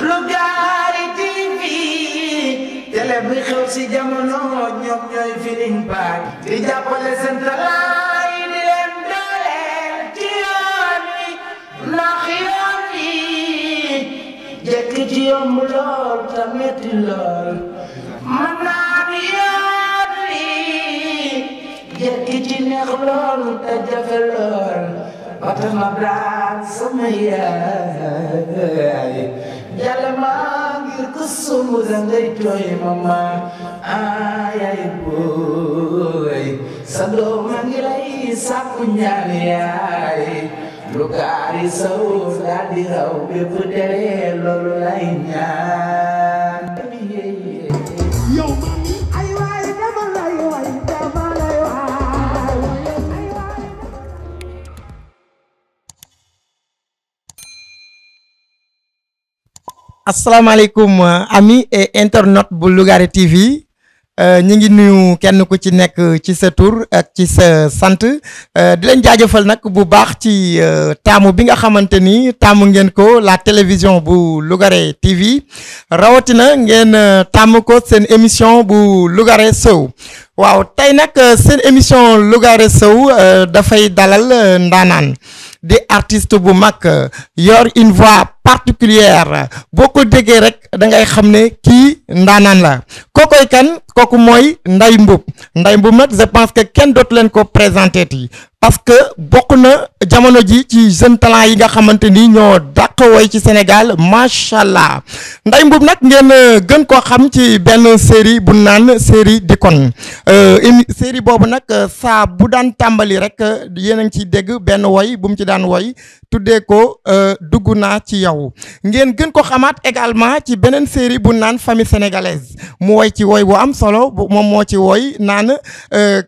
Lougaré TV télé bi xew si jamono ñoom ñooy Feeling Pack di jàppale seen talaay di leen dooleel ci yoon wi ndax yoon wi jekk ci yomb lool te metti lool mën naa ni yoon wi jekk ci neex lool te jafe lool Fatma Braan sama yaay yàlla maa ngir ku sumb da ngay tooy mama ayay booy sa doom maa yaay lu gaari saw daal di raw bépp tere loolu lay ñaan asalaamaaleykum euh, amis et internautes bu Lougaré TV euh, ñi ngi nuyu kenn ku ci nekk ci sa tour ak ci sa sant euh, di leen jaajëfal nag bu baax ci taamu bi nga xamante ni taamu ngeen ko la télévision bu Lougaré TV rawatina ngeen taamu ko seen émission bu Lougaré sew waaw tey nag seen émission Lougaré Sow dafay dalal ndaanaan di artist bu mag yor une voix particulière boo ko déggee rek da ngay xam ne kii ndaanaan la kookoy kan kooku mooy nday Mboup nday Mboup nag je pense que kenn dootu leen ko présenté ti parce que bokk na jamono ji ci jeune talent yi nga xamante ni ñoo dàq woy ci Sénégal macha allah nday Mboup nag ngeen euh, gën koo xam ci benn série bu naan série Dikon une euh, série boobu nag euh, saa bu daan tàmbali rek yéen a ngi ciy dégg benn woy bum ci daan woy tuddee ko dugg naa ci yow. taxawu ngeen gën ko xamaat également ci beneen série bu naan famille sénégalaise mu woy ci woy bu am solo moom moo ci woy naan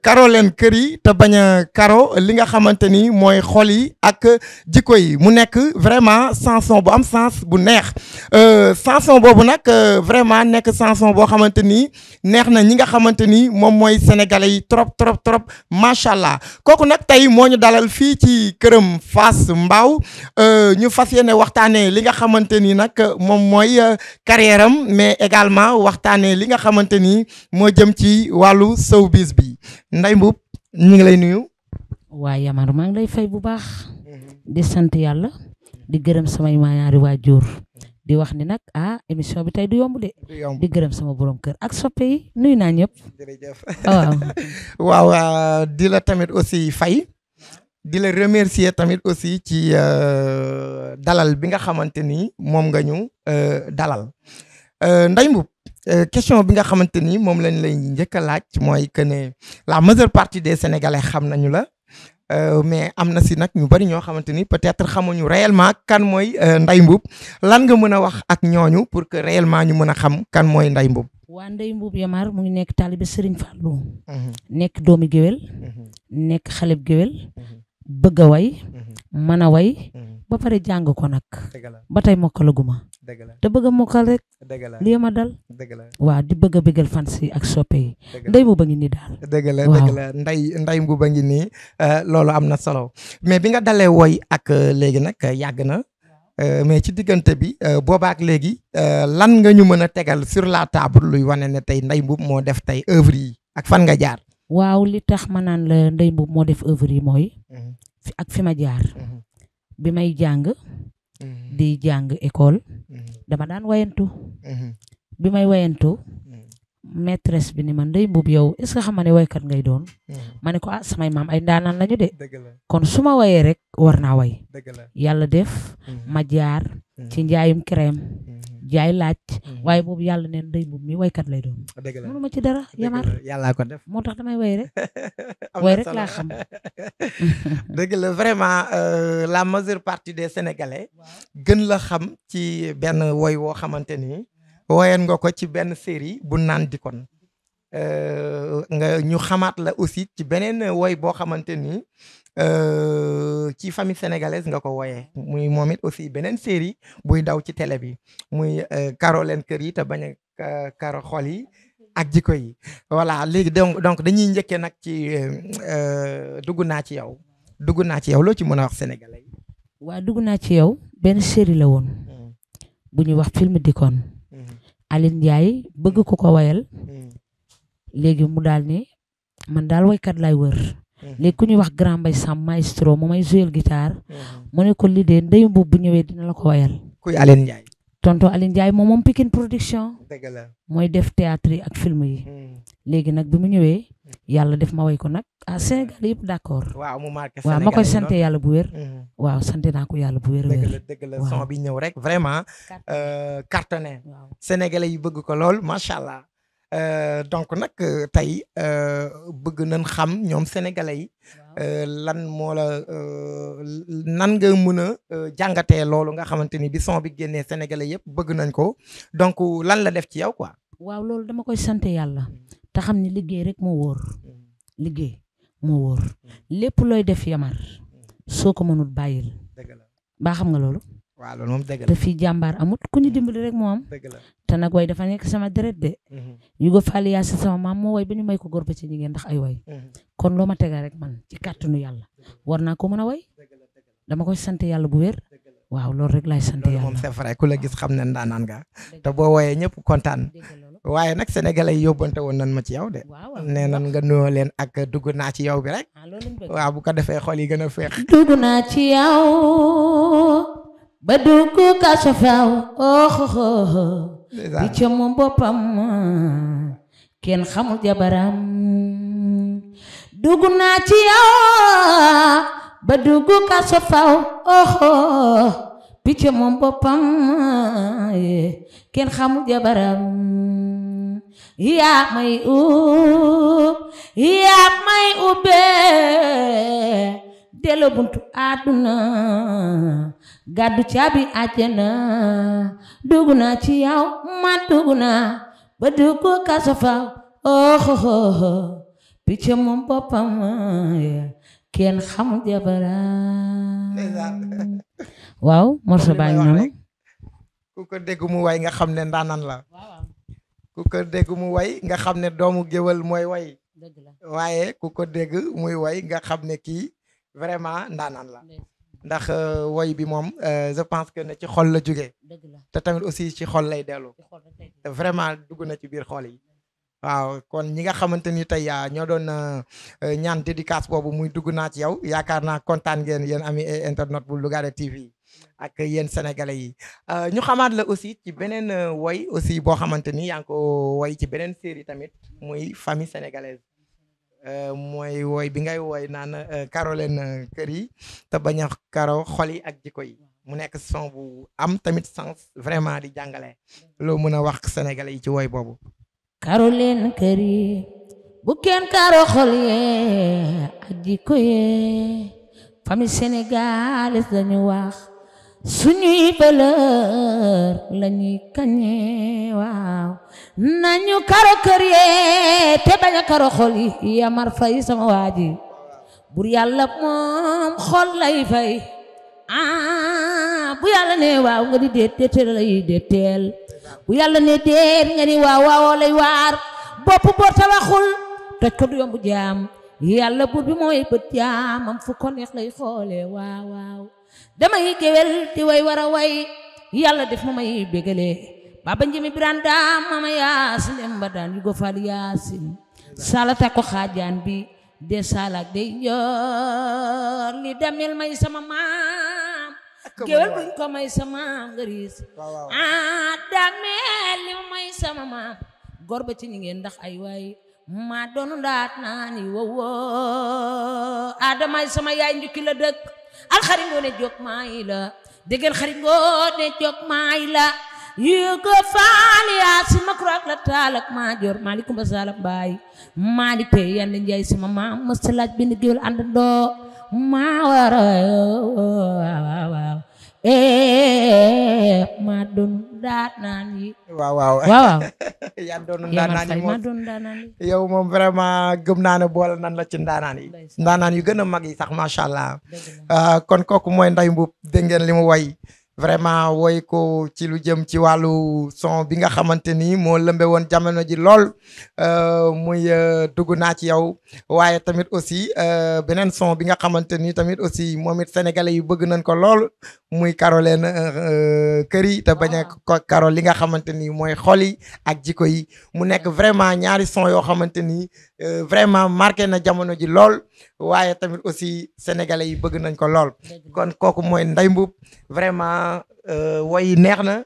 karo euh, leen kër yi te bañ a karo li nga xamante ni mooy xol yi ak jikko yi mu nekk vraiment chanson bu am sens bu neex euh, chanson boobu nag euh, vraiment nekk chanson boo xamante ni neex na ñi nga xamante ni moom mooy sénégalais yi trop trop trop macha allah kooku nag tey moo ñu dalal fii ci këram Fass Mbao ñu fas yéene waxtaanee li nga xamante ni nag moom mooy euh, carrière mais également waxtaanee li nga xamante ni moo jëm ci wàllu showbiz bi nday Mboup ñu ngi lay nuyu. waa Yamar maa ngi lay fay bu baax. Mhm. di sant yàlla. di gërëm samay ñaari waajur. di wax ni nag ah émission bi tey du yomb de. di gërëm sama borom kër ak soppe yi nuyu naa ñëpp. jërëjëf oh. waaw. di la tamit aussi fay. di la remercier tamit aussi ci euh, dalal bi nga xamante ni moom nga ñu euh, dalal euh, Ndeye Mboup question bi nga xamante ni moom lañ lay njëkk a laaj mooy que ne la majeure partie des sénégalais xam nañu la mais am na si nag ñu bari ñoo xamante ni peut-être xamuñu réellement kan mooy Ndeye Mboup lan nga mën a wax ak ñooñu pour que réellement ñu mën a xam kan mooy Ndeye Mboup. waa Ndeye Mboup Yamar mu ngi nekk taalibe Serigne Fallou. Mhm. nekk doomi géwél. Mhm. nekk xaleb géwél. Mhm. bëgg a way mhm. mën a way mhm. ba pare jàng ko nag ba tey mokkalaguma te bëgg a mokkal rek lii ma dal waaw di bëgg a bëggal fans yi ak soppe yi ndey mu ba ngi nii daal dëgg la nday la ba ngi nii euh, loolu am na solo mais bi nga dalee woy ak euh, léegi nag euh, yàgg na mais ci diggante bi boobaak léegi lan nga ñu mën a tegal sur la table luy wane ne tey ndey mbub moo def tey œuvre yi ak fan nga jaar waaw li tax ma naan la Ndeye Mboup moo def œuvre yi mooy. Mhm. fi ak fi ma jaar. Mhm. bi may jàng. Mhm. di jàng école. dama daan wayantu. bi may wayantu. maîtresse bi ni ma Ndeye Mboup yow est ce que xam nga ne waykat ngay doon. ma ne ko a ah, samay maam ay ndaanaan lañu de. kon su ma wayee rek war naa way. yàlla def. ma jaar. ci njaayum crème. jaay laaj. Mhm. waaye boobu yàlla neen day boobu mi woykat lay doon. dëgg la mënuma ci dara yamar yàllaa ko def moo tax damay way rek. way rek laa xam. dëgg la vraiment euh, la majeure partie des sénégalais. gën la xam ci benn woy woo xamante ni. woyoon nga ko ci benn série bu naan dikkoon. Euh, nga ñu xamaat la aussi ci beneen woy boo xamante ni Euh, ci famille sénégalaise nga ko woye muy moom it aussi beneen série buy daw ci télé bi muy karo euh, leen kër yi ta bañ a karo xol yi ak jikko yi voilà léegi donc donc dañuy njëkkee nag ci euh, dugg naa ci yow dugg naa ci yow loo ci mën a wax sénégalais waa dugg naa ci yow benn série la woon. Hmm. bu ñuy wax film dikoon. Hmm. Aline Ndiaye bëgg ko ko wayal. Hmm. léegi mu daal ni man daal waykat lay wër. Mm-hmm. léegi ku ñuy wax grand mbay sam maestro mu may jouer guitare. Mm-hmm. mu ne ko li dee ndeyu bu ñëwee dina la ko woyal. kuy Aline Ndiaye. tonton Aline Ndiaye moom moom Pikine production. dëgg la mooy def théâtre yi ak film yi. Mm-hmm. léegi nag bi mu ñëwee. yàlla def ma way ko nag ah Sénégal yëpp d'accord. waaw mu marqué Sénégal waaw koy sant yàlla bu wér. waaw sant naa ko yàlla bu wér wér. dëgg la dëgg la son ñëw rek vraiment. cartonné euh, cartonné. sénégalais yi bëgg ko lool macha allah. Euh, donc nag euh, tey euh, bëgg nañ xam ñoom sénégalais yi lan moo la nan nga mën a jàngatee loolu nga xamante ni bi son bi génnee sénégalais yëpp bëgg nañ ko donc lan la def ci yow quoi. waaw loolu dama koy sant yàlla hmm. te xam ni liggéey rek moo wóor hmm. liggéey moo wóor hmm. lépp looy def yamar soo ko mënul bàyyil. baa xam nga loolu. waaw loolu moom dëgg la te fii jàmbaar amut ku ñu dimbali rek moo am. dëgg la te nag way dafa nekk sama deret de. Mm-hmm. yu ko faali yaa si sama maam moo way ba ñu may ko góor ba ci ñi ngeen ndax ay way. Mm-hmm. kon loo ma tegal rek man ci kàttanu yàlla war naa ko mën a way dama koy sant yàlla bu wér. waaw loolu rek laay yàlla moom la gis xam ne ndaanaan nga te boo wooyee ñëpp kontaan waaye nag sénégalais yi woon nan ma ci yow de nee nan nga nuyoo leen ak dugg naa ci yow bi rek ah, waaw bu defee xol yi gën a féex ba dugg kaso faaw oh, oh, oh, oh. di ca moom boppam kenn xamul jabaram dugg naa ci yow ba dugg kaso faaw oh di ca moom boppam kenn xamul jabaram yaa may ub yaa may ubbe delloo buntu àdduna gàddu caabi àjjana dugg naa ci yow man dugg naa ba dugg kaso fa ohoho picc moom boppam kenn xamul jabara waaw morso baa noonu ku ko dégg mu way nga xam ne ndaanan la ku nga xam ne doomu géwal mooy way waaye ku ko dégg muy way nga xam ne kii vraiment ndaanan la ndax euh, woy bi moom euh, je pense que ne ci xool la jógee te tamit aussi ci xool lay dellu vraiment dugg na ci biir xool yi waaw kon ñi nga xamante ni tey ñoo doon euh, ñaan dédicace boobu muy dugg naa ci yow yaakaar naa kontaan ngeen yéen ami internet bu Lougaré TV ak yéen sénégalais yi ñu xamaat la aussi ci beneen woy aussi boo xamante ni yaa ngi ko woy ci beneen série tamit muy famille sénégalaise Euh, mooy woy bi ngay woy naan karo euh, leen euh, kër yi te baña a karo xol yi ak jikko yi mu nekk son bu am tamit sens vraiment di jàngale loo mën a wax sénégalais yi ci woy boobu karo leen kër bu kenn karo xol yee ak jikko famille sénégalaise lañu wax suñuy valeur lañuy kañee waaw nañu karo kër yee te bañ a karo xol yi yamar fay sama waa ji bur yàlla moom xol lay fay ah, bu yàlla ne waaw nga di déet déetéel lay déeteel bu yàlla ne déet nga ni waaw waawoo lay waar bopp bor ta toj ko du yombu jaam yàlla bur bi mooy bët jaamam fu ko neex lay xoole waaw waaw damay géwél di way war a way yàlla def ma may bégalee baba njimi birandam mama yaasin em mbadan yugo fal yaasin salata ko xaajaan bi de salak de yoor may sama maam géwél buñ ko ah, may sama maam ngariis ah damel li may sama maam gorba ci ñi ngeen ndax ay waay ma doonu ndaat naani wowoo adamay sama yaay njukki la dëkk alxari ngoone jog maay la déggal xari ngoone jog yéego faal yaa si ma kurak la taalak maa joor maalikum ba saalam baay maalik te njaay si ma ma salaaj bi ndiggéewul ànd ndoo maa wara eh, maa doon doon ndaanaan yi maa doon ndaanaan yi yow moom gëm naa ne boole nan la ci ndaanaan yi yu gën a mag yi sax macha allah kon kooku mooy nday Mboup dégg ngeen way vraiment woy ko ci lu jëm ci wàllu son bi nga xamante ni moo lëmbe woon jamono ji lool euh, muy euh, dugg naa ci yow waaye tamit aussi euh, beneen son bi nga xamante ni tamit aussi moom it sénégalais yu bëgg nañ ko lool muy Caroline kër yi te bañ a ah. karo li nga xamante ni mooy xol yi ak jiko yi mu nekk vraiment ñaari son yoo xamante ni euh, vraiment marqué na jamono ji lool waaye tamit aussi sénégalais yi bëgg nañ ko lool kon kooku mooy nday Mboup vraiment euh, woy neex na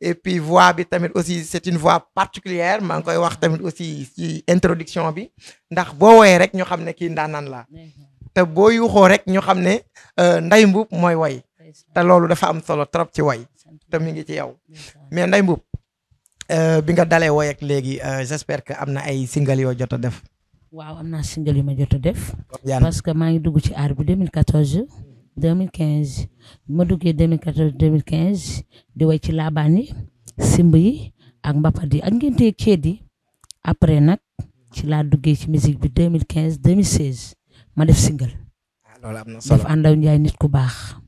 et puis voix bi tamit aussi c'est une voix particulière maa ngi koy wax tamit aussi ci introduction bi ndax boo woyee rek ñu xam ne kii ndaanaan la te boo yuuxoo rek ñu xam ne euh, Ndeye Mboup mooy woy te loolu dafa am solo trop ci woy te mi ngi ci yow. mais Ndeye Mboup euh, bi nga dalee woy ak léegi euh, j'espère que am na ay single yoo jot a def. waaw am na single yu ma jot a def. parce que maa ngi dugg ci aar bi 2014. 2015 ma duggee 2014 2015 di way ci laabaan yi simb yi ak mbapat yi ak ngeen tey ceet yi après nag ci laa duggee ci musique bi 2015 2016 ma def single. waaw ah, loolu am def àndaw njaay nit ku baax.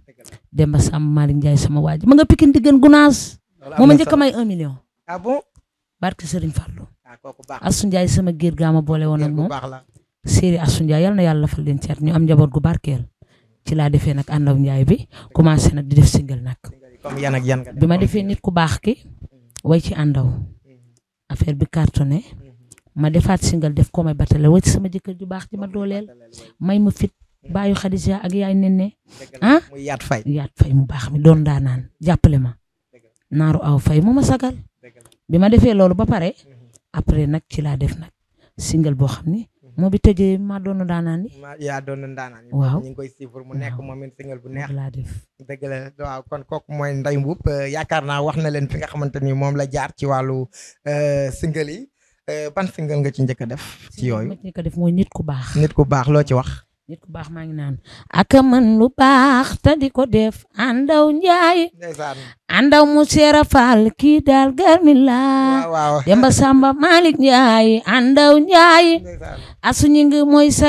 Demba Samb Malick Ndiaye sama waa ji ma nga Pikine diggéen Gunaas. moo ma njëkk a may un million. ah bon barke Serigne Fallou. ah kooku baax Assou Ndiaye sama géer gaa ma boole woon moom. Séeri Assou Ndiaye yal na yàlla fal leen ceet gu barkeel. ci defee nag ànd ak bi commencé nag di def single nag. yan bi ma defee nit ku baax ki. Mm-hmm. way ci àndaw. Mm-hmm. affaire bi cartonné. Mm-hmm. ma defaat single def ko may batale way ci sama jëkkër ju baax ji ma dooleel. may ma fit baayu Khadija ak yaay Nene ah yaat fay yaat fay mu baax mi doon daanaan jàppale ma naaru aw fay mu ma sagal bi ma defee loolu ba pare mhm. après nag ci laa def nag single boo xam ni mhm. moo bi tëjee maa doon daanaan ni yaa doon daanaan ni waaw ñu ngi koy suivre mu nekk moom it single bu neex laa def dëgg la waaw kon kooku mooy Ndeye Mboup euh, yaakaar naa wax na leen fi nga xamante ni moom la jaar ci wàllu euh, single yi euh, ban single nga ci njëkk def mooy nit ku baax loo ci wax nit ku baax maa ngi naan aka mën lu baax te di ko def andaw njaay andaw mu seera faal kii daal garmi laa demba samba malik njaay andaw njaay asu ñing mooy sa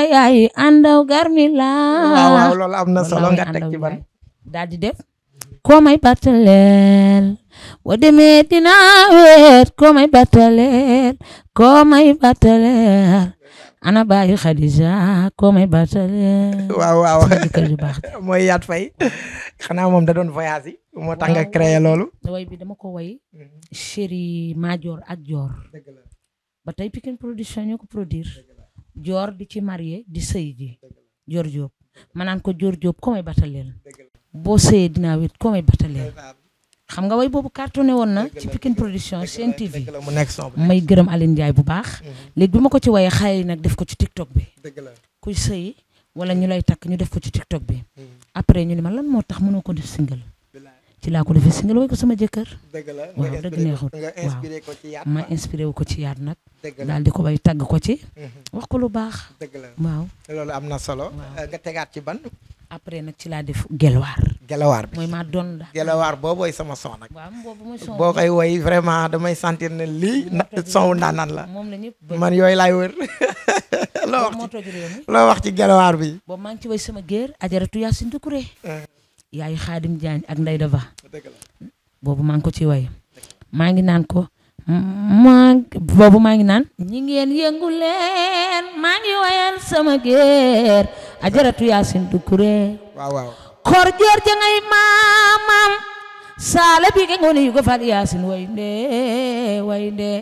andaw garmi laa waaw def ko may battaleel boo demee weet ko may battaleel ko ana bàyyi Khadija koomay baatale. waaw waaw mooy yaat fay xanaa moom da doon voyage yi. moo tax nga créé loolu. way bi dama ko way. Mhm. chéri Madior ak Dior. ba tey production ñoo ko produire. Dior di ci marié di sëy ji. Dior Diop ma naan ko Dior Diop koomay bataleel. boo sëyee dinaa wét koomay bataleel. xam nga way boobu cartonné woon na ci Pikine production Sen TV may gërëm Aline Ndiaye bu baax mm-hmm. léegi bi ma ko ci waye xale yi nag def ko ci TikTok bi kuy sëy wala ñu lay takk ñu def ko ci TikTok bi mm-hmm. après ñu ne ma lan moo tax mënoo ko def single ci laa ko defee single way ko sama jëkkër waaw dëgg neexut waaw ma inspiré wu ko ci yaat nag daal di ko bay tagg ko ci mm-hmm. wax ko lu baax waaw loolu am na solo nga tegaat ci ban après nag ci laa def gelwaar gelawaar bi mooy maa doon gelawaar boobooy sama son nag boo koy woy vraiment damay sentir ne lii son ndaanaan la man yooyu laay wër loo wax ci loo wax ci gelawaar bi boobu maa ngi ci woy sama géer ajaratu Yacine Doucouré yaayu Xaadim Diagne ak Ndey Daba boobu maa ngi ko ci woy maa ngi naan ko maa boobu maa ngi naan ñi ngeen yëngu leen maa ngi woyal sama géer a Yacine Doucouré waaw waaw kor jeer ja ngay maamam saala bi ke ngone yugo fal yasin waynde waynde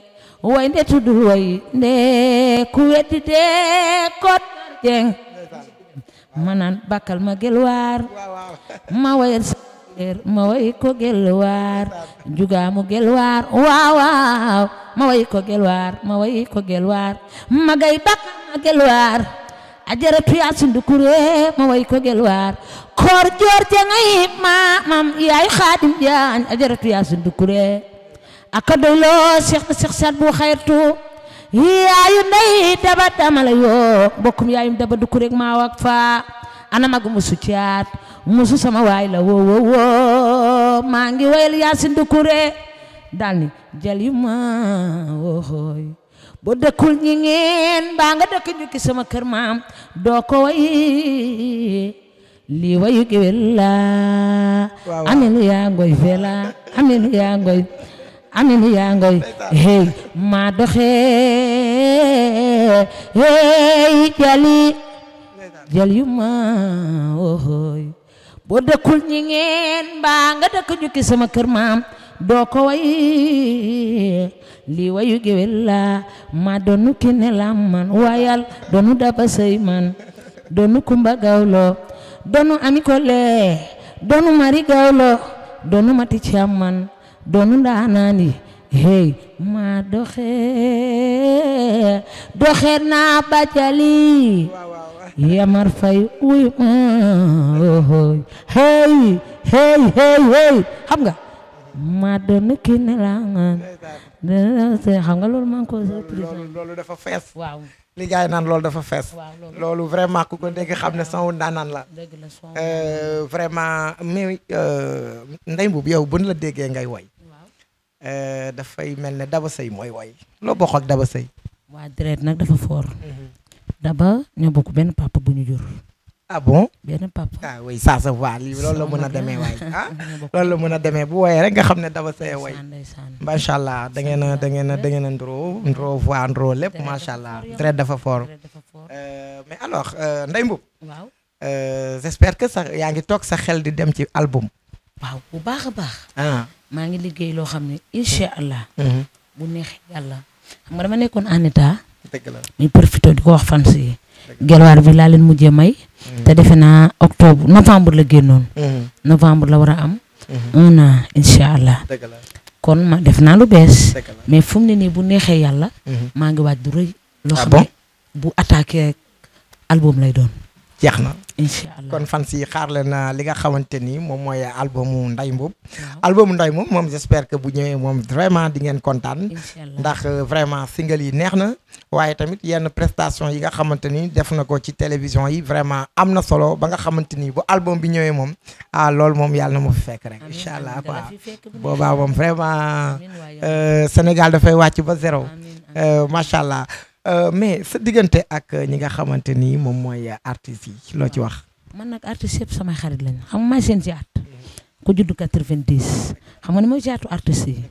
waynde tudu waynde ku weddi de kot jeng manan bakal ma gelwaar ma ma way ko gelwaar jugaamu gelwaar waaw waaw ma way ko gelwaar ma way ko gelwaar ma gay bakal ma gelwaar ajaratu yaasundu kuré ma way ko gelwaar koor joor te ngay maamam yaay xaadim jaan ajaratu yaasundu kuré aka doyloo seex na seex saat bu xayrtu yaayu ndey daba damala yoo mbokkum yaayum daba du kuré maa wak faa ana mag musu caat musu sama waay la woo woo woo maa ngi wayal yaasundu kuré daal ni jali ma woo boo dëkkul ñi ngeen mbaa nga dëkk jukki sama kër maam doo ko way lii wayu la aminu yaa ngoy fela aminu yaa ngoy aminu yaa ngoy hey maa doxe hey jali jal yu ma wooy oh, oh. boo dëkkul ñi ngeen mbaa nga dëkk jukki sama kër maam doo ko way lii wayu géwél ma doonu kinne man waayal doonu daba sey man doonu kumba gawlo doonu ami kole doonu mari gawlo doonu mati cam man doonu ndaanaani hey ma doxe doxe naa bajali yamar fay uy ma uh, oh, oh. hey hey hey hey xam nga ma doon kin la xam nga loolu maa ngi ko loolu loolu dafa fees. waaw li yi naan loolu dafa fees. loolu vraiment ku ko dégg xam ne son daanaan euh, la. vraiment mais euh, Ndeye Mboup yow bu la déggee ngay woy. Euh, dafay mel ne Daba Sey mooy woy loo bokk ak Daba Sey. waa deret nag dafa foor. Mhm. Daba ñoo bokk benn papa bu ñu jur. ah bon benn papa ah oui ça se voit la mën a demee waay ah la mën a demee bu wooyee rek nga xam ne daba see way macha allah da ngeen a da ngeen a da ngeen a ndro ndro ndro lépp macha allah très dafa fort euh, mais alors euh, Ndeye Mboup waaw euh, que sax yaa ngi toog sa xel di dem ci album waaw bu baax baax ah. maa ngi liggéey loo xam ne incha allah mm-hmm. bu neexee yàlla xam nga dama nekkoon en état dëgg la muy profité di ko wax fan si gelwaar bi laa leen mujjee may te defe naa octobre novembre la génnoon. Mhm. novembre la war a am. Mhm. un an incha allah. kon ma def naa lu bees. mais fu mu ne nii bu neexee yàlla. Mhm. maa ngi waaj du rëy. Ah loo xam ne bu attaqué album lay doon. jeex na. kon fan si xaar leen ah, li nga xamante ni moom mooy albumu Ndeye Mboup. albumu Ndeye Mboup moom j'espère que bu ñëwee moom vraiment di ngeen kontaan. ndax euh, vraiment single yi neex na. waaye tamit yenn prestation yi nga xamante ni def na ko ci télévision yi vraiment am na solo ba nga xamante ni bu album bi ñëwee moom a ah, loolu moom yàlla na ma fi fekk rek. incha allah quoi boobaa moom vraiment euh, Sénégal dafay wàcc ba zéro euh, macha allah. Euh, mais sa diggante ak euh, ñi nga xamante ni moom mooy euh, artistes yi loo ci wax. man nag artistes yëpp samay xarit lañ xam nga maa seen jaat ku judd 90 xam nga ni mooy jaatu artistes yi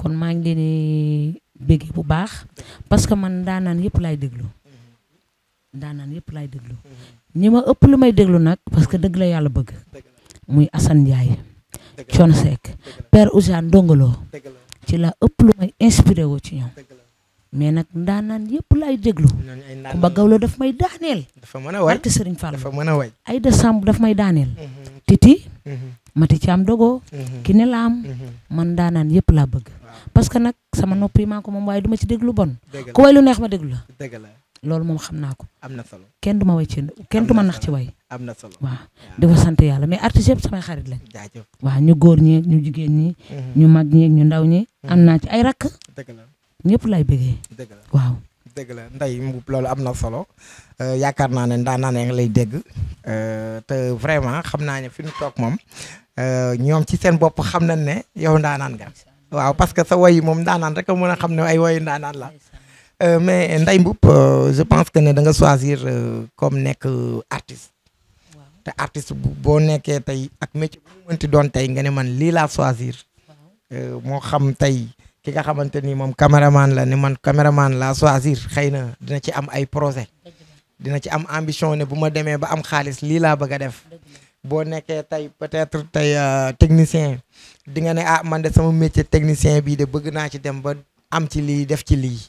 kon maa ngi leen bëgg bu baax parce que man daanaan yëpp laay déglu daanaan yëpp laay déglu ma ëpp lu may déglu nag parce que dëgg la yàlla bëgg muy Assane Ndiaye Thione Seck Père Ousane Ndongolo ci la ëpp lu may inspiré ci ñoom. mais nag ndaanaan yëpp laay déglu. ku ba gawlo daf may daaneel. dafa mën a way barke Serigne Fall dafa mën a way. Aïda Samb daf may daaneel. Mhm. titi. Mhm. mati caam dogoo. Mhm. ki ne laam. man ndaanaan yëpp laa bëgg. parce que nag sama nopp yi maa ci déglu bon. ku way neex ma déglu loolu moom xam naa ko. am na solo kenn du ma way ci kenn du ma nax ci way. am na solo waaw di ko sant yàlla mais artistes yëpp samay xarit lañ. jaajëf waaw ñu góor ñeeg ñu jigéen ñi. ñu mag ñeeg ñu ndaw ñi. am naa ci ay rakk. ñëpp lay bëggee. dëgg waaw. dëgg la Ndeye Mboup loolu am na solo euh, yaakaar naa ne daan naa ne lay dégg euh, te vraiment xam naa ne fi ñu toog moom euh, ñoom ci seen bopp xam nañ ne yow ndaanaan nga waaw parce que sa woy moom ndaanaan rek a mën a xam ne ay woyu ndaanaan la mais Ndeye Mboup je pense que ne da nga choisir comme nekk artiste te artiste bu boo nekkee tey ak métier bu mënti doon tey nga ne man lii laa choisir moo xam tey ki nga xamante ni moom caméraman la ni man caméraman la choisir xëy na dina ci am ay projet dina ci am ambition ne bu ma demee ba am xaalis lii laa bëgg a def boo nekkee tey peut-être tey euh, technicien di nga ne ah man de sama métier technicien bii de bëgg naa ci dem ba am ci lii def ci lii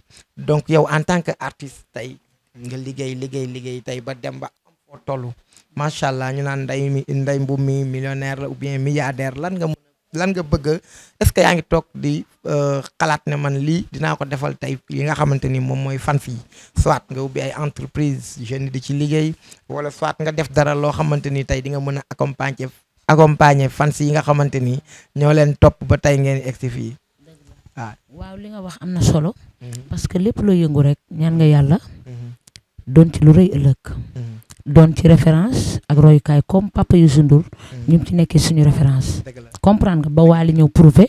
donc yow en tant que artiste tey nga liggéey liggéey liggéey tey ba dem ba am foo toll allah ñu naan nday mi nday mbu mi ou bien milliardaire lan nga lan nga bëgg est-ce que yaa ngi toog di euh, xalaat ne man lii dinaa ko defal tey yi nga xamante ni moom mooy fan fii soit nga ubbi ay entreprise jeune di ci liggéey wala soit nga def dara loo xamante ni tey di nga mën a accompagner accompagner fans yi nga xamante ni ñoo leen topp ba tey ngeen egsi fii ah. waaw li nga wax am na solo. Mhm. parce que lépp loo yëngu rek ñaan nga yàlla. Mhm. doon ci lu rëy ëllëg. Mhm. doon ci référence a royukaay comme papa Youssou Ndour mm. ñu ci nekkee suñu référence comprendre nga ba waali ñëw prouver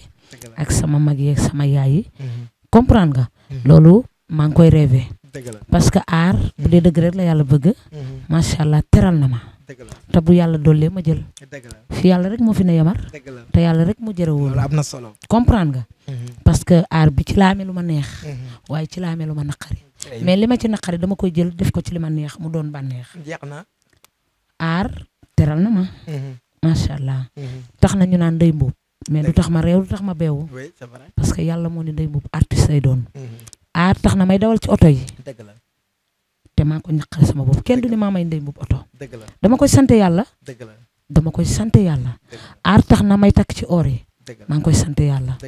ak sama mag yi ak sama yaay yi mm-hmm. comprendre mm-hmm. loolu maa ngi koy parce que aar bu dee dëgg rek la yàlla bëgg mm-hmm. macha allah teral na ma te bu yàlla dollee ma jël fi yàlla rek moo fi ne yamar ta yàlla rek mu jëre woon am na solo comprendre nga parce que aar bi ci laa amee lu ma neex waaye ci laa amee lu ma naqari mais li ma ci naqari dama koy jël def ko ci li ma neex mu doon bànneex. jeex na. aar teral na ma. Mhm. macha allah. Mhm. tax na ñu naan Ndeye Mboup. mais du tax ma réew du tax ma beewu. parce que yàlla moo ne Ndeye Mboup artiste say doon. Mhm. aar tax na may dawal ci oto yi. dëgg la. te maa ko ñaqale sama bopp kenn du ne maa may Ndeye Mboup oto. la dama koy sant yàlla. dëgg la dama koy sant yàlla. aar tax na may takk ci oor yi. maa ngi koy sant yàlla.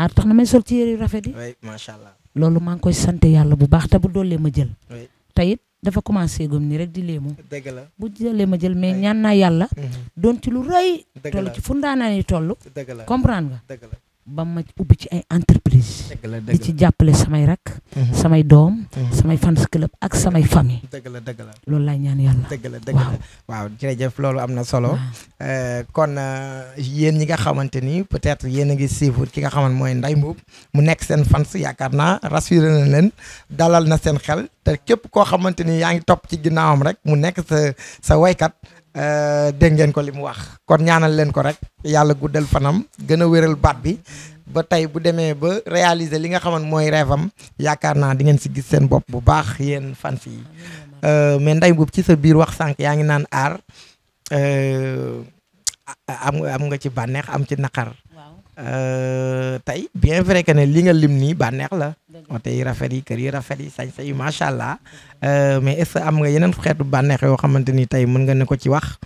aar tax na may sol ci yére yu rafet yi. macha allah. loolu maa ngi koy sant yàlla bu baax te bu doolee ma jël. oui it dafa commencé gom ni rek di léemu. dëgg la bu jële ma jël mais ñaan naa yàlla. Mhm. doon ci lu rëy. dëgg la toll ci fu ndaanaa toll. dëgg la comprendre nga. dëgg la. ba ma ubbi ci ay entreprise di ci jàppale samay rak mhm. samay doom mhm. samay fans club ak samay famille dëgg la dëgg la loolu laay ñaan yàlla dëgg la dëgg la waaw jërëjëf loolu am na solo euh, kon euh, yéen ñi nga xamante ni peut-être yéen a ngi suivre ki nga xamante mooy Ndeye Mboup mu nekk seen fans yaakaar naa rassuré na leen dalal na seen xel te képp koo xamante ni yaa ngi topp ci ginnaawam rek mu nekk sa sa waykat Euh, dégg ngeen ko li mu wax kon ñaanal leen ko rek yàlla guddal fanam gën a wéral baat bi ba tey bu demee ba réaliser li nga xamant mooy rêvam yaakaar naa di ngeen si gis seen bopp bu baax yéen fans yi euh, mais ndey boobu ci sa biir wax sànq yaa ngi naan aar euh, am am nga ci bànneex am ci naqar Euh, tey bien vrai que ne li nga lim nii bànneex la oto yi rafet yi kër yi rafet yi sañ-sañ macha allah euh, mais est am nga yeneen xeetu bànneex yoo xamante ni tey mën nga ne ko ci wax.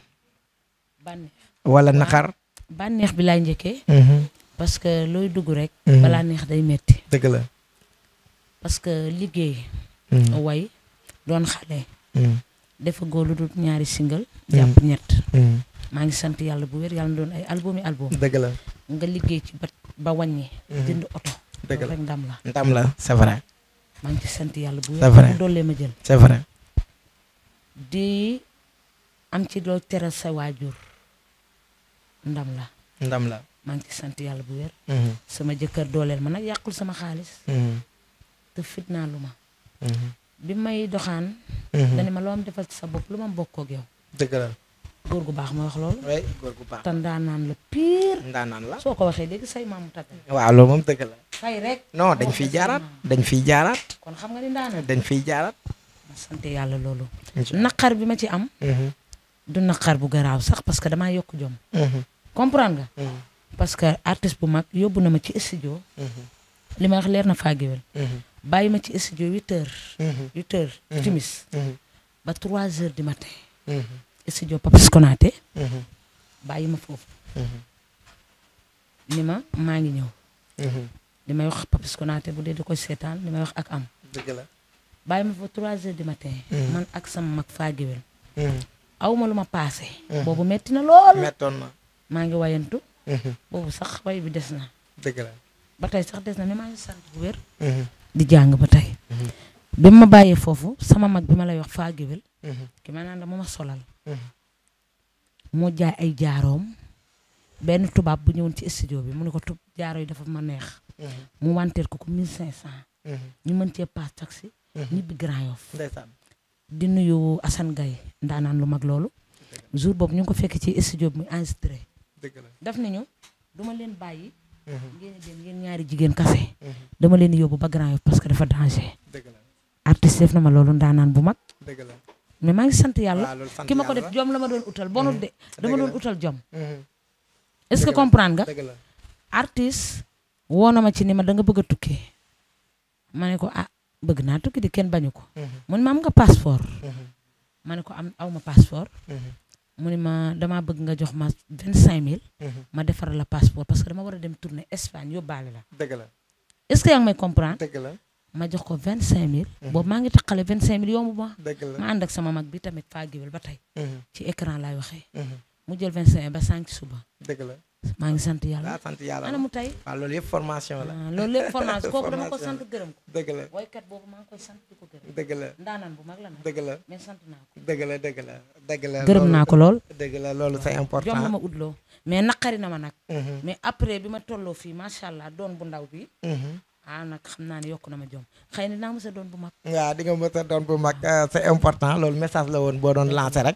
bànneex wala naqar. bànneex bi laay njëkke mm-hmm. parce que looy dugg rek. Mm-hmm. balaa neex day metti dëgg la. parce que liggéey. Mm-hmm. way doon xale. dafa góor lu dul ñaari single. jàpp ñett. maa ngi sant yàlla bu wér yàlla doon ay album yi album. dëgg la. nga liggéey ci ba ba wàññi. Mhm. jënd oto. dëgg la ndam la ndam la c'est maa ngi ci sant yàlla bu wér. doolee ma jël c'est di am ci loo teral sa waajur ndam la. ndam la maa ngi ci sant yàlla bu wér. Mhm. sama jëkkër dooleel ma nag yàqul sama xaalis. Mhm. te fitnaa lu ma. bi may doxaan. dañu ma loo am defal ci sa bopp lu ma bokk ak yow. dëgg la. góor gu baax ma wax loolu. oui góor gu baax te ndaanaan la pire. ndaanaan la soo ko waxee dégg say maam tata. waaw loolu moom dëgg la. fay rek. non dañ fiy jaaraat dañ fiy jaaraat. kon xam nga ni ndaanaan dañ fiy jaaraat. ma sant yàlla loolu. naqar bi ma ci am. Mm-hmm. du naqar bu garaaw sax parce que damaa yokk jom. Mm-hmm. comprendre nga. Mm-hmm. parce que artiste bu mag yóbbu na ma ci studio. li ma wax leer na faa géwél. bàyyi ma ci studio huit heures. huit heures timis. ba trois heures du matin. studio Papis mm-hmm. bàyyi ma foofu mm-hmm. ni ma maa ngi ñëw li mm-hmm. may wax Papis bu dee di ko seetaan li may wax ak am dëgg bàyyi ma fa trois heures du matin man ak sama mag faa géwél aw ma lu ma paase boobu metti na lool mettoon na maa ngi wayantu boobu sax way bi des na dëgg la ba tey sax des na mais maa ngi bu wér di jàng ba tey bi ma bàyyee foofu sama mag bi ma lay wax faa géwél ki ma naan la mu ma solal moo mm-hmm. jaay ay jaaroom benn tubaab bu ñëwoon ci studio bi mu ne ko tub jaaro yi dafa ma neex. Mm-hmm. mu wanteer ko ko 1500. Mm-hmm. ñu mën cee paas taxi. ñibbi Grand Yoff. ndeysaan di nuyu Assane Gaye ndaanaan lu mag loolu. jour boobu ñu ngi ko fekk ci studio bi muy instre dëgg la nañu du leen bàyyi. ngeen dem ngeen ñaari jigéen kase. dama leen yóbbu ba Grand Yoff parce que dafa danger. dëgg la artiste def na ma loolu ndaanaan bu mag. dëgg la. ma maa sant yàlla ki ma ko def jom la ma doon utal bonut mm-hmm. de dama doon utal jom mm-hmm. est-ce nga artiste woo na ma ci ni ma danga nga bëgg a tukki ma ne ko ah bëgg naa tukki di kenn bañu ko mm-hmm. mu ne ma am nga passeport ma ne ko am aw ma passeport mu ne ma damaa bëgg nga jox ma vingt cinq mille ma defaral la passeport parce que dama war a dem tourner Espagne yóbbaale la la est-ce may comprendre ma jox ko vingt cinq mille. Mhm. boobu maa ngi taqale vingt cinq mille yomb ma. ma ànd ak sama mag bi tamit faa géwél ba tey. Mhm. ci écran laay waxee. Mhm. mu jël vingt cinq ba sànq suba. dëgg la maa ngi sant yàlla. sant ah, dama ko sant gërëm ko. dëgg la woykat boobu bu mag la nag. dëgg la mais sant naa ko. dëgg la dëgg la dëgg la. gërëm naa ko lool. dëgg la loolu c'est ah, important jom ma ut loo mais naqari na ma nag. mais après bi ma tolloo fii macha allah doon bu ndaw bi. ah nag xam naa ne yokk na ma jom xëy na dinaa mës doon bu mag. waaw di nga mës doon bu mag euh, c'est important loolu message la woon boo doon lancé rek.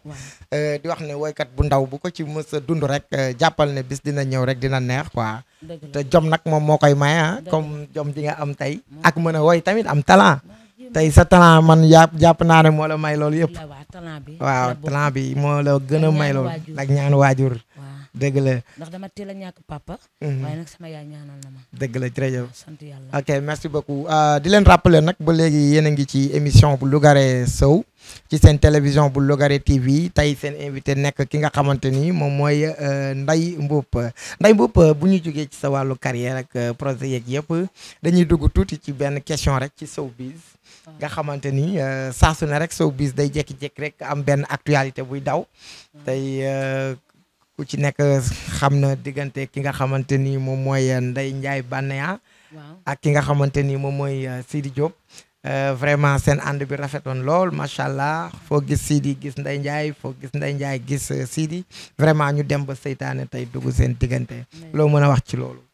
Euh, di wax ne woykat bu ndaw bu ko ci mës a dund rek euh, jàppal ne bis dina ñëw rek dina neex quoi. te jom nag moom moo koy maye ah, comme jom di nga am tey. ak mën a woy tamit am talent. tey sa talent man yàpp jàpp naa ne moo la may loolu yëpp. waaw talent bi moo la gën a may loolu. ak ñaan waajur dëgg la ndax dama teel a ñàkk papa. Mhm. waaye nag sama yaay la jërëjëf sant yàlla. merci beaucoup ah, di leen rappeler nag ba léegi yéen a ngi ci émission bu Lougaré Sow ci seen télévision bu Lougaré TV tey seen invité nekk ki nga xamante ni moom mooy euh, nday Mboup nday Mboup bu ñu jógee ci sa wàllu carrière ak euh, projet yeeg yëpp dañuy dugg tuuti ci benn question rek ci Showbiz ah. nga xamante ni euh, saa su ne rek Showbiz day jékki-jékki rek am benn actualité buy daw ah. tey. ku ci nekk xam na diggante ki nga xamante ni moom mooy euh, Ndeye Ndiaye Banaya ak ki nga xamante ni moom mooy euh, Sidi Diop euh, vraiment seen ànd bi rafetoon lool macha allah foo gis Sidi gis nday Ndiaye foo gis Ndeye Ndiaye gis siidi vraiment ñu dem ba seytaane tey dugg seen diggante loo mën a wax ci loolu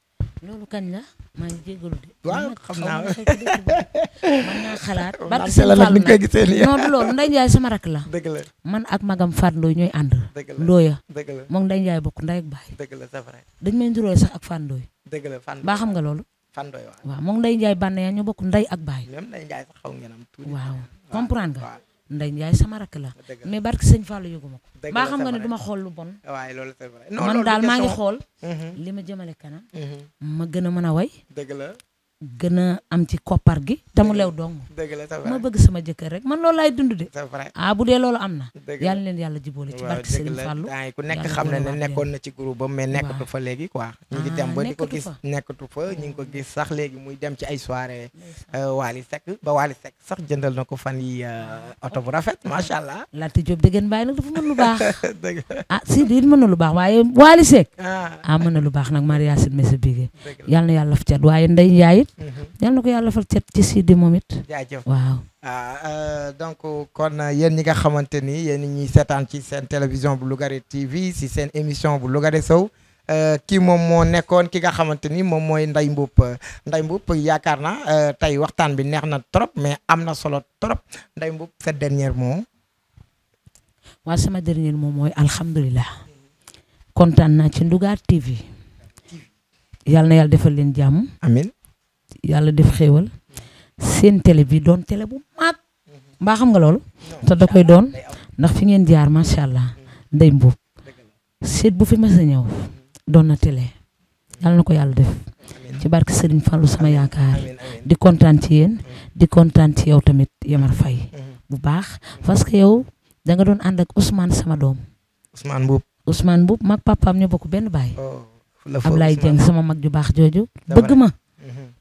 maa ngi jégalu de. waaw xam naa man naa xalaat. barke sëñ Fall nag non du loolu Ndeye Ndiaye sama rak la. dëgg la man ak magam Fatou Ndoye ñooy ànd. dëgg la Ndoya. dëgg la moom Ndeye Ndiaye bokk ndey ak baay. dëgg la c'est vrai. dañ may nduróo sax ak Fatou Ndoye. dëgg la Fatou Ndoye baa xam nga loolu. Fatou Ndoye waaw moom Ndeye Ndiaye bànn yaa ñu bokk ndey ak baay. même Ndeye Ndiaye sax xaw ngeen am tuuti. waaw comprendre nga. Ndeye Ndiaye sama rakk la mais barke sëñ Fallou yëguma ko mbaa xam nga ne duma xool lu bon waaye loolu man daal maa ngi xool mhm. li ma jëmale kanam mhm. ma gën a mën a way gën a am ci koppar gi te mu lew dong ma bëgg sama jëkkër rek man loolu laay dund de ah bu dee loolu am na yàlla leen yàlla jiboole ci barke Serigne Fallou ku nekk xam na nekkoon na ci groupe ba mais nekkatu fa léegi quoi ñu ngi ah, dem ba ko gis fa ñu ngi ko gis sax léegi muy dem ci ay soirée euh, Wally Seck ba Wally Seck sax jëndal na ko fan yi euh, oto bu rafet macha allah Laati Diop dëggeen bàyyi nag dafa mën lu baax ah si it mën lu baax waaye Wally Seck ah, ah mën na lu baax nag Maria Sine Mesa Bigué yàlla na yàlla laf cat waaye nday yaayit yal na ko yàlla fal cet ci di moom it. jaajëf waaw. Ah, euh, donc kon euh, yéen ñi nga xamante ni yéen ñuy seetaan ci seen télévision bu Lougaré TV si seen émission bu Lougaré Sow. Euh, kii moom moo nekkoon ki nga xamante ni moom mooy Ndeye Mboup Ndeye Mboup yaakaar na tey waxtaan bi neex na trop mais am na solo trop nday Mboup sa dernier moom waaw sama dernier moom mooy alhamdulilah. kontaan naa ci Lougaré TV. yàlla na yàlla defal leen jàmm. yàlla def xéewal seen télé bi doon télé bu mag mbaa xam nga lool te da koy doon ndax fi ngeen jaar macha allah ndey mbub seet bu fi mas a ñëw doon na télé yàlla na ko yàlla def ci barke Serigne Fallou sama yaakaar di kontaan ci di kontaan ci yow tamit Yamar fay mhm. bu baax parce que yow da nga doon ànd ak Ousmane sama doom. Ousmane Mbuub Ousmane Mbuub mag papaam ñu bokk benn baay. Oh, Ablaye Dieng sama mag ju baax jooju bëgg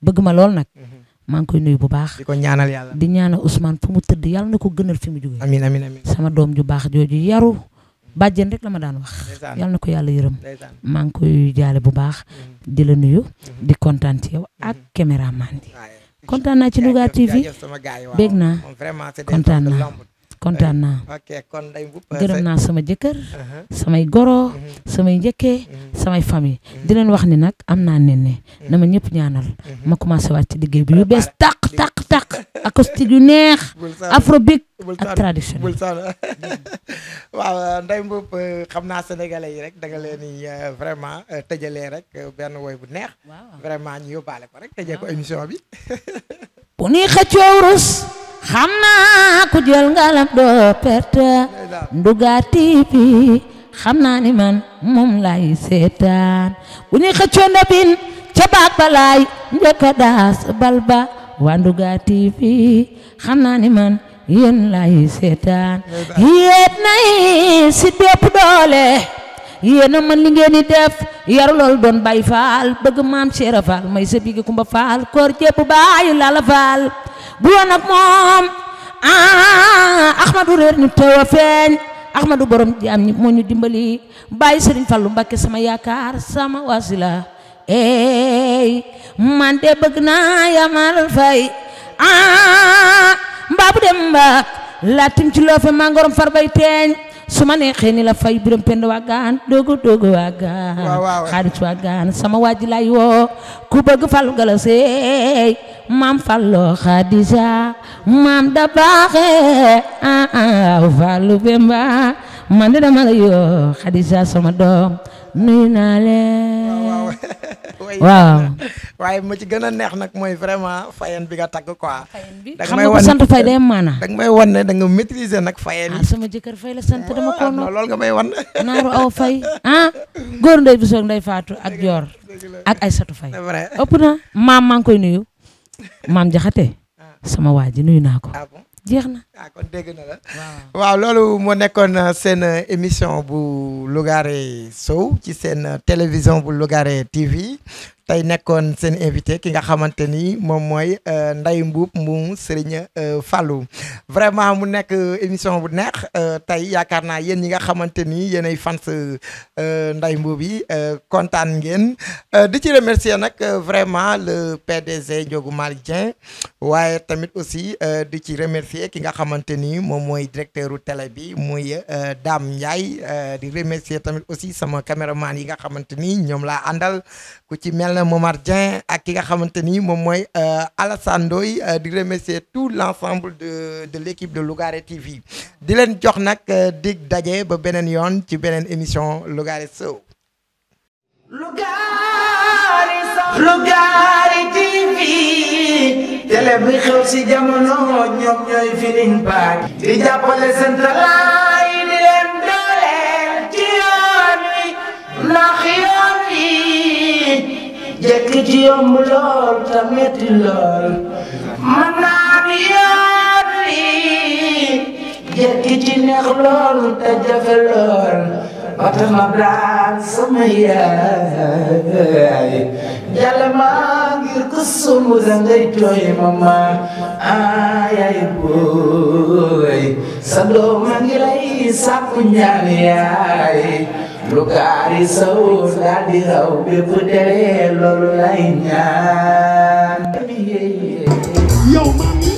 bëgg ma lool nag. Mhm. maa ngi koy nuyu bu baax. di ko ñaanal yàlla di ñaanal Ousmane fu mu tëdd yàlla na ko gënal fi mu jógee. amiin amiin amiin sama doom ju baax jooju yaru. bàjjen rek la ma daan wax. yàlla na ko yàlla yërëm. maa ngi koy jaale bu baax. Mhm. di la nuyu. Mhm. di kontaan ci yow ak caméraman yi. kontaan naa ci Louga TV. bég naa kontaan kontaan naa gërëm naa sama jëkkër samay goro mhm. samay njëkkee mhm. samay famille mhm. di leen wax ni nag am naa nenne na ma ñëpp ñaanal ma commencé waat ci liggéey bi yu bees tàq tàq tàq acoustique yu neex afrobeat ak traditionnel bul sonn waaw Ndeye Mboup euh, xam naa sénégalais yi rek da nga leen di euh, vraiment euh, tëjalee rek benn woy bu neex vraiment ñu yóbbaale ko rek tëjee ko émission bi bu ni xëccoo rus xam naa ku jël ngalam doo perte Louga TV xam naa ni man moom lay seetaan bu ñuy xëccoo ndabin ca baag ba laay njëkk daas bal ba waa Louga TV xam naa ni man yen lay seetaan yéet nay si bépp doole yéen a man li ngeen di def yaru lool doon bay fal bëgg maam seera faal may sa bigi kumba faal koor jépp baayu lala faal bu woon ak moom ah, ahmadu réer ñu teew a ahmadu borom jaam ñi moo ñu dimbali bàyyi sëriñ fallu mbakke sama yaakaar sama wasila ey man de bëgg naa yamal fay ah mbaa bu dem mbaa laatim ci loo fe far bay teeñ su ma neexee ni la fay biram pend waa gaan doogo doogo waa gaan xaarit waa gaan sama waaji lay woo ku bëgg falu gala seey maam falloo xadija maam da baaxe a ah, a ah, falu bemba man de dama la yoo sama doom nuyu naa leen. waaw. waaye ma ci gën a neex nag mooy vraiment fayen bi nga tagg quoi. da nga may wan sant fay day maana. da may wan ne da nga maîtriser nag fayen. Ah, sama jëkkër fay la sant dama ko noonu. loolu nga may wan. naaru aw fay a ah, góor ndey bu soog ndey faatu ak joor ak ay satu fay. ëpp na maam maa ngi koy nuyu. maam jaxate ah. sama waa ji nuyu naa ko. jeex na ah dégg na la. waaw loolu moo nekkoon euh, seen euh, émission bu Lougaré Sow ci seen euh, télévision bu Lougaré TV tey nekkoon seen invité ki nga xamante ni moom mooy euh, nday Mboup mu Serigne euh, Fallou vraiment mu nekk euh, émission bu neex tey yaakaar naa yéen ñi nga xamante ni yéenay fans Ndeye Mboup yi kontaan ngeen di ci remercier nag vraiment le PDG Ndiogou Malick Dieng waaye tamit aussi di ci remercier ki nga xamante ni moom mooy directeur u télé bi muy Dame Ndiaye di remercier tamit aussi sama caméraman yi nga xamante ni ñoom laa àndal ku ci mel na Momar Dieng ak ki nga xamante ni moom mooy euh, Alassane Ndoye euh, di remercier tout l' ensemble de de l' équipe de Lougaré TV di leen jox nag euh, dig daje ba beneen yoon ci beneen émission Lougaré Show. Lougaré TV télé bi xew si jamono ñoom ñooy filim baay di jàppale seen jekk ji yomb lool te metti lool mën naa ni yoon wi jekk ji neex lool te jafe lool ba tax ma daan sama yaay jàll maa ngir ku sumb da ngay jooy mama ah yaay booy sa doom a ngi lay sàkku ñaan yaay. lu kaari sawul daal di raw bépp